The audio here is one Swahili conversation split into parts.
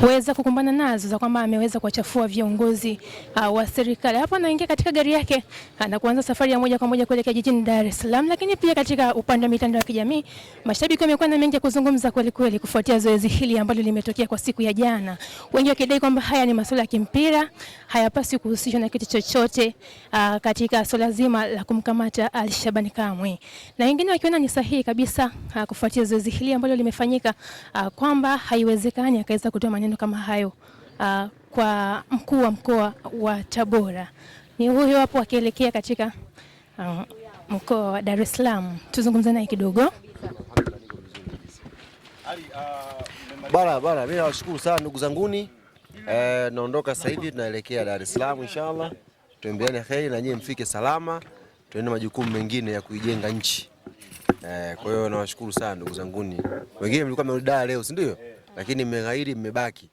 kuweza kukumbana nazo za kwamba ameweza kuwachafua viongozi uh, wa serikali. Hapo anaingia katika gari yake ah, na kuanza safari ya moja kwa moja kuelekea jijini Dar es Salaam. Lakini pia katika upande wa mitandao ya kijamii, mashabiki wamekuwa na mengi ya kuzungumza kweli kweli kufuatia zoezi hili ambalo limetokea kwa siku ya jana. Wengi wakidai kwamba haya ni masuala ya kimpira, hayapaswi kuhusishwa na kitu chochote uh, katika swala zima la kumkamata Ali Shabani Kamwe. Na wengine wakiona ni sahihi kabisa uh, kufuatia zoezi hili ambalo limefanyika uh, kwamba haiwezekani akaweza kutoa maneno maneno kama hayo uh, kwa mkuu wa mkoa wa Tabora. Ni huyo hapo akielekea katika uh, mkoa wa Dar es Salaam. Tuzungumze naye kidogo. Bara bara, mimi nawashukuru sana ndugu zanguni. Eh, naondoka sasa hivi tunaelekea Dar es Salaam inshallah. Tuembeane kheri na nyie mfike salama, tuende majukumu mengine ya kuijenga nchi. Eh, kwa hiyo nawashukuru sana ndugu zanguni. Wengine mlikuwa mmerudi leo, si ndio? lakini mmeghairi, mmebaki.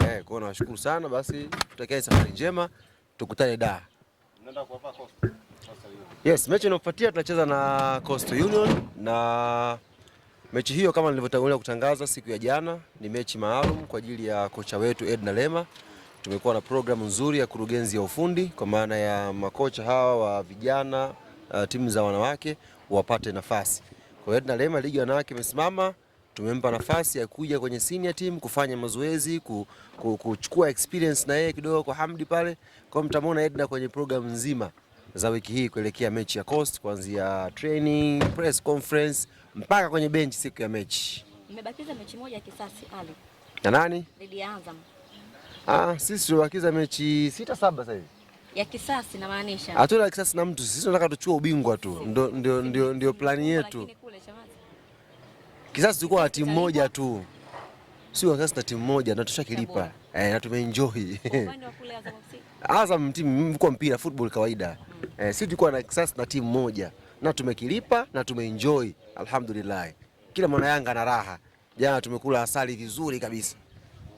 Eh, kwao nawashukuru sana. Basi tutakae safari njema, tukutane da. Yes, mechi inayofuatia tunacheza na Coastal Union na mechi hiyo kama nilivyotangulia kutangaza siku ya jana, ni mechi maalum kwa ajili ya kocha wetu Edna Lema. Tumekuwa na programu nzuri ya kurugenzi ya ufundi kwa maana ya makocha hawa wa vijana, uh, timu za wanawake wapate nafasi. Kwa hiyo Edna Lema, ligi wanawake imesimama tumempa nafasi ya kuja kwenye senior team kufanya mazoezi ku, ku, kuchukua experience na yeye kidogo kwa Hamdi pale. Kwa mtamwona Edna kwenye program nzima za wiki hii kuelekea mechi ya Coast, kuanzia training, press conference mpaka kwenye benchi siku ya mechi. Mmebakiza mechi moja ya kisasi Ali. Na nani? Dhidi ya Azam. Ah, sisi tumebakiza mechi sita saba sasa hivi. Ya kisasi maanisha. Hatuna kisasi na mtu, sisi tunataka tuchue ubingwa tu. Ndio ndio ndio plani yetu. Kisasi tulikuwa na timu moja tu, sio kisasi na timu moja na tushakilipa eh, na tumeenjoy Azam timu mko mpira football kawaida mm. eh, sisi tulikuwa na kisasi na timu moja na tumekilipa na tumeenjoy alhamdulillah. Kila mwana Yanga na raha. Jana tumekula asali vizuri kabisa.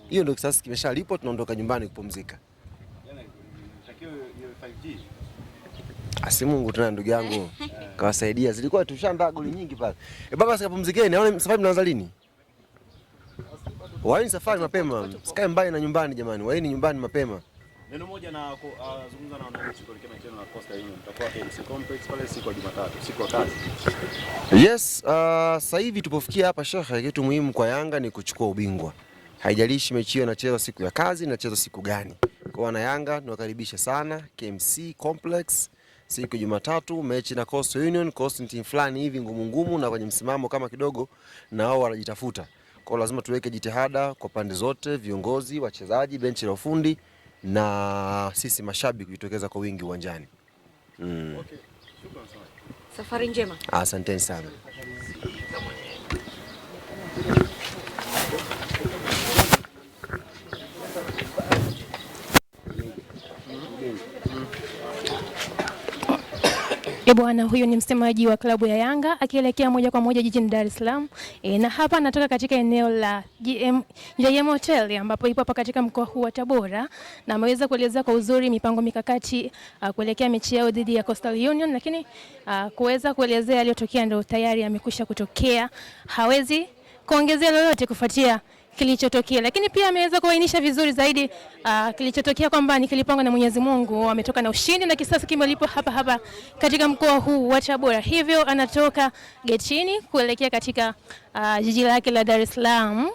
Hiyo ndio kisasi kimeshalipwa, tunaondoka nyumbani kupumzika. Jana, Asi Mungu tena ndugu yangu kawasaidia, zilikuwa tushandaa goli nyingi pale. E baba, sikapumzikeni, naona safari mnaanza lini? Waini safari mapema, sikae mbali na nyumbani jamani, waini nyumbani mapema. Neno moja na kuzungumza ah, na wananchi kwa kile na Coastal Union. Mtakuwa KMC Complex pale siku ya Jumatatu, siku ya kazi. Yes, uh, sasa hivi tupofikia hapa shekhe, kitu muhimu kwa Yanga ni kuchukua ubingwa. Haijalishi mechi hiyo inachezwa siku ya kazi, inachezwa siku gani. Kwa wana Yanga tunawakaribisha sana KMC Complex siku Jumatatu mechi na Coastal Union. Coastal team fulani hivi ngumu ngumu na kwenye msimamo kama kidogo, na wao wanajitafuta. Kwa lazima tuweke jitihada kwa pande zote, viongozi, wachezaji, benchi la ufundi na sisi mashabiki kujitokeza kwa wingi uwanjani. Mm. Okay. safari njema. Asanteni sana. E bwana, huyu ni msemaji wa klabu ya Yanga akielekea moja kwa moja jijini Dar es Salaam. E, na hapa natoka katika eneo la GM, JM Hotel ambapo ipo hapa katika mkoa huu wa Tabora na ameweza kueleza kwa uzuri mipango mikakati uh, kuelekea mechi yao dhidi ya Coastal Union, lakini uh, kuweza kuelezea yaliyotokea ndio tayari amekwisha kutokea, hawezi kuongezea lolote kufuatia kilichotokea, lakini pia ameweza kuainisha vizuri zaidi uh, kilichotokea kwamba ni kilipangwa na Mwenyezi Mungu, ametoka na ushindi na kisasi kimelipo hapa hapa katika mkoa huu wa Tabora. Hivyo anatoka getini kuelekea katika uh, jiji lake la Dar es Salaam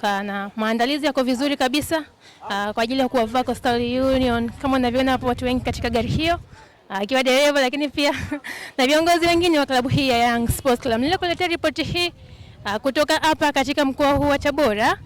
kana maandalizi yako vizuri kabisa uh, kwa ajili ya kuwavaa Coastal Union kama unavyoona hapo watu wengi katika gari hiyo akiwa uh, dereva lakini pia na viongozi wengine wa klabu hii ya Young Sports Club. Nilikuletea ripoti hii Ah, kutoka hapa katika mkoa huu wa Tabora